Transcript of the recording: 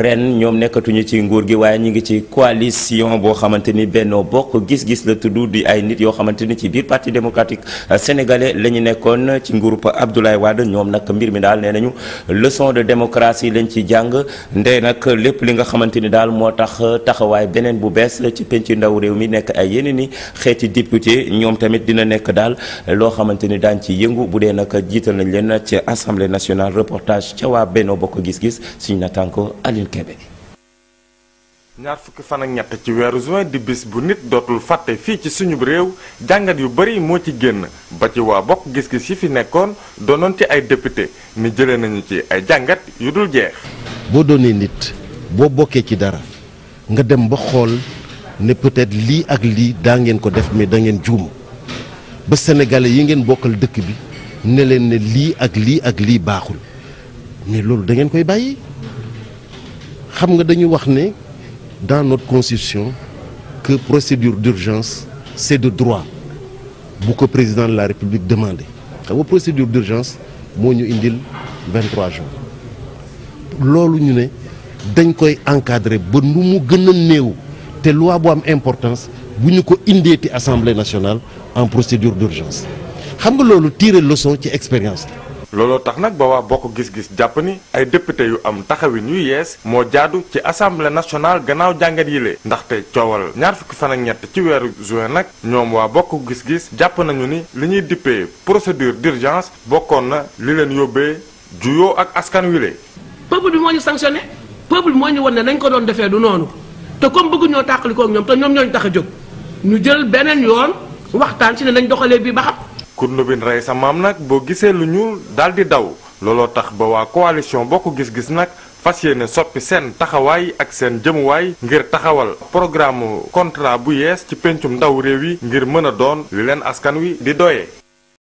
ren ñoom nekkatuñu ci nguur gi waaye ñu ngi ci coalition boo xamante ni Benno Bokk Gis-Gis la tudd di ay nit yoo xamante ni ci biir parti démocratique sénégalais la ñu nekkoon ci nguurub Abdoulaye waad ñoom nag mbir mi daal nee nañu leçon de démocratie lañ ci jàng ndey nag lépp li nga xamante ni daal moo tax taxawaay beneen bu bees la ci penc ndaw réew mi nekk ay yeneen i xeeti député ñoom tamit dina nekk daal loo xamante ni daan ci yëngu bu dee nag jiital nañ leen ci assemblée nationale reportage ca waa Benno Bokk Gis-Gis suñu natanko Khalil Kébé. ñaar fukki fan ak ñett ci weeru juin di bis bu nit dootul fàtte fii ci suñu réew jàngat yu bari moo ci génn ba ci waa bokk gis-gis yi fi nekkoon doonoon ci ay député ni jëlee nañu ci ay jàngat yu dul jeex. boo doonee nit boo bokkee ci dara nga dem ba xool ne peut-être lii ak lii daa ngeen ko def mais dangeen ngeen juum ba senegale yi ngeen bokkal dëkk bi ne leen ne lii ak lii ak lii baaxul mais loolu da koy bàyyi. xam nga dañu wax ne dans notre constitution que procédure d'urgence c'est de droit bu ko président de la république demandé xam nga procédure d'urgence moo ñu indil 23 jours loolu ñu ne dañ koy encadrer ba nu mu gën a néew te loi bu am importance bu ñu ko indeeti assemblée nationale en procédure d'urgence xam nga loolu tirer leçon ci expérience looloo tax nag ba waa bokk gis-gis jàpp ni ay député yu am taxawin yu yees moo jaadu ci assemblée nationale gannaaw jàngat yile ndaxte coowal ñaar fukki fan ñett ci weeru juin nag ñoom waa bokk gis-gis jàpp nañu ni li ñuy dippee procédure d'urgence bokkoon na li leen yóbbee juyoo ak askan wi le bi moo ñu sanctionné peuple bi moo ñu won ne nañ ko doon defee du noonu te comme bëgg ñoo tàqalikoo ak ñoom te ñoom ñooñu tax a jóg ñu jël beneen yoon waxtaan ci ne nañ doxalee bii ba kurnu bin rey sa maam nag boo gisee lu ñuul daal di daw looloo tax ba waa boo ko gis-gis nag fas yéene soppi seen taxawaay ak seen jëmuwaay ngir taxawal programme contrat bu yees ci pencum ndaw réew yi ngir mën a doon li leen askan wi di doye